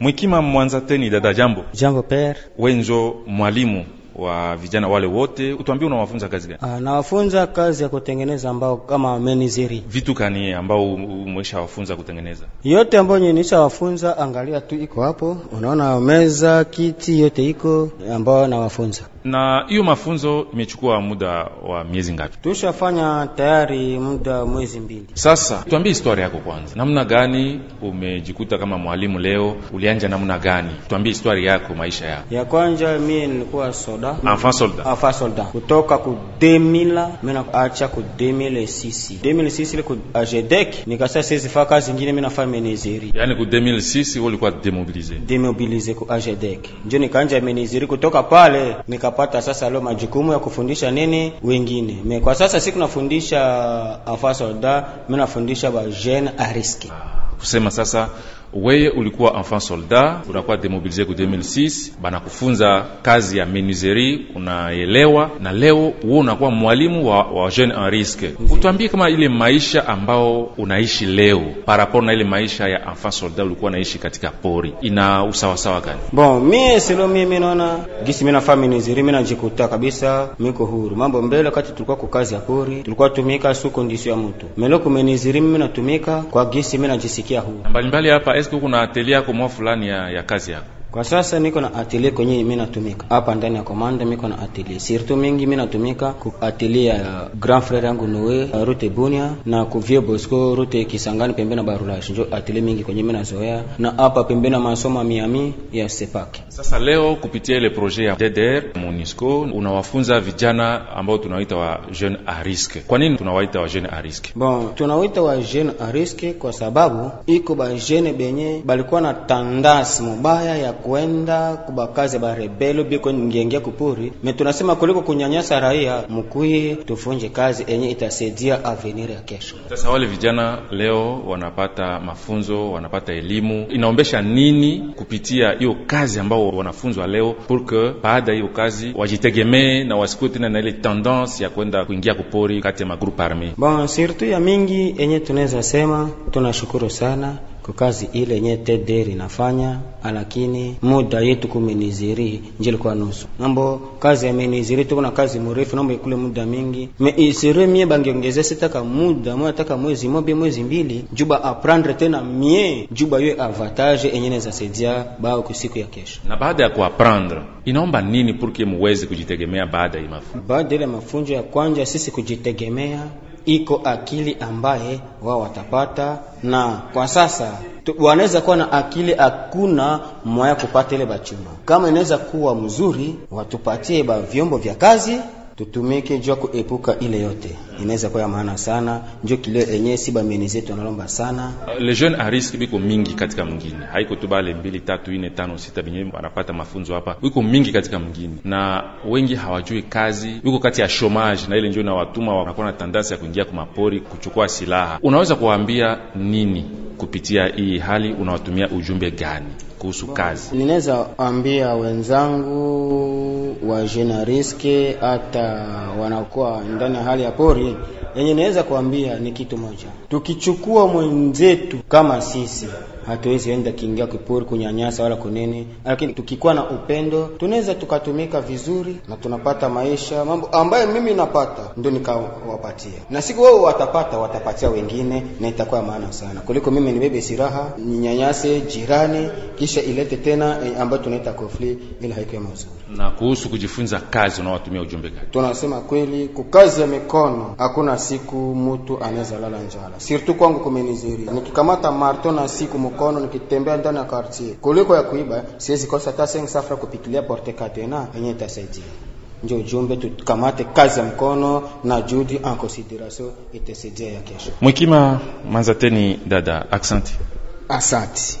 Mwikima mwanza teni, dada jambo. Jambo pere. Wenzo mwalimu wa vijana wale wote, utuambie unawafunza kazi gani? Ah, nawafunza kazi ya kutengeneza mbao kama meniziri. Vitu kani ambao umesha wafunza kutengeneza? Yote ambao nye nisha wafunza, angalia tu iko hapo, unaona meza, kiti yote iko ambao nawafunza. Na hiyo mafunzo imechukua muda wa miezi ngapi? Tushafanya tayari muda mwezi mbili. Sasa tuambie historia yako kwanza, namna gani umejikuta kama mwalimu leo? Ulianja namna gani? Tuambie historia yako, maisha yako ya kwanza. Mie nilikuwa soda enfant soldat, enfant soldat kutoka ku 2000 mimi naacha ku 2006 2006 ku ajedek nikasa sisi fa kazi nyingine mimi nafanya menezeri. Yani ku 2006 ulikuwa demobilize, demobilize ku ajedek, ndio nikaanja menezeri kutoka pale nika nikapata sasa leo majukumu ya kufundisha nini wengine. Me kwa sasa si kunafundisha afasolda, mimi nafundisha ba jeune a risque. Kusema sasa Weye ulikuwa enfant soldat, unakuwa demobilize ku 2006, banakufunza kazi ya menuiserie, unaelewa, na leo wewe unakuwa mwalimu wa, wa jeune en risque. Utwambie kama ile maisha ambao unaishi leo par rapport na ile maisha ya enfant soldat ulikuwa naishi katika pori, ina usawasawa gani? Bon, mie selo mi naona gisi mimi nafaa menuiserie, mimi najikuta kabisa miko huru mambo mbele. Wakati tulikuwa kwa kazi ya pori, tulikuwa tumika su condition ya mtu melo ku menuiserie, mimi natumika kwa gisi mimi najisikia huru mbalimbali hapa eske uko na yako mwa fulani ya, ya kazi yako kwa sasa niko na atelier kwenye mimi natumika hapa ndani ya komanda, miko na atelier surtout mingi mimi natumika ku atelier ya grand frère yangu Noe uh, route Bunia na ku Vieux Bosco route Kisangani pembeni na Barulage, ndio atelier mingi kwenye mimi nazoea, na hapa pembeni na masomo Miami ya Sepak. Sasa leo kupitia ile projet ya DDR Monisco unawafunza vijana ambao tunawaita wa jeune à risque. Kwa nini tunawaita wa jeune à risque? Bon, tunawaita wa jeune à risque kwa sababu iko ba jeune benye balikuwa na tandas mubaya ya kwenda kubakazi barebelo biko ngenge kupuri me tunasema kuliko kunyanyasa raia, mkuye tufunje kazi enye itasaidia avenir ya kesho. Sasa wale vijana leo wanapata mafunzo, wanapata elimu, inaombesha nini kupitia hiyo kazi ambao wanafunzwa leo, pour que baada hiyo kazi wajitegemee na wasikue tena na ile tendance ya kwenda kuingia kupori kati ya magroupe arme. Bon, surtout ya mingi enye tunaweza sema, tunashukuru sana kwa kazi ile nye tederi inafanya, lakini muda yetu kumeniziri njili kwa nusu nambo kazi ya meniziri tuko na kazi mrefu nambo ikule muda mingi me isiri mie bangiongezea sitaka muda mwe ataka mwezi mobi mwezi mbili juba aprendre tena mie juba yo avantage enyene za sedia bao kwa siku ya kesho. Na baada ya kuaprendre inaomba nini pour que muweze kujitegemea baada ya mafunzo? Baada ile mafunzo ya kwanja sisi kujitegemea iko akili ambaye wao watapata, na kwa sasa wanaweza kuwa na akili, hakuna mwaya kupata ile bachuma. Kama inaweza kuwa mzuri, watupatie ba vyombo vya kazi tutumike jua kuepuka ile yote inaweza kuwa ya maana sana, njo kile enye si bamieni zetu analomba sana. Le jeune a risque biko mingi katika mwingine, haiko tu bale mbili tatu ine tano sita binye wanapata mafunzo hapa, biko mingi katika mwingine, na wengi hawajui kazi, biko kati ya shomage, na ile njo inawatuma wanakuwa na tandasi ya kuingia kumapori kuchukua silaha. Unaweza kuwaambia nini? kupitia hii hali unawatumia ujumbe gani kuhusu kazi? Ninaweza ambia wenzangu wa jenariske hata wanakuwa ndani ya hali ya pori, yenye naweza kuambia ni kitu moja, tukichukua mwenzetu kama sisi hatuwezi enda kiingia kipuri kunyanyasa wala kunini, lakini tukikuwa na upendo tunaweza tukatumika vizuri na tunapata maisha mambo ambayo mimi napata ndio nikawapatia, na siku wao watapata watapatia wengine, na itakuwa maana sana kuliko mimi nibebe siraha ninyanyase jirani kisha ilete tena eh, ambayo tunaita konfli, ila haikuwa mazuri. Na kuhusu kujifunza kazi, unawatumia ujumbe gani? Tunasema kweli, kukazi ya mikono hakuna siku mtu anaweza lala njala, sirtu kwangu kumenizuri nikikamata marto na siku mkono nikitembea ndani ya quartier, kuliko ya kuiba. Siwezi kosa hata sengi safra kupitilia porte katena yenye itasaidia. Ndio ujumbe, tukamate kazi ya mkono na judi en consideration itasaidia ya kesho. Mwikima Manzateni, dada, asante, asante.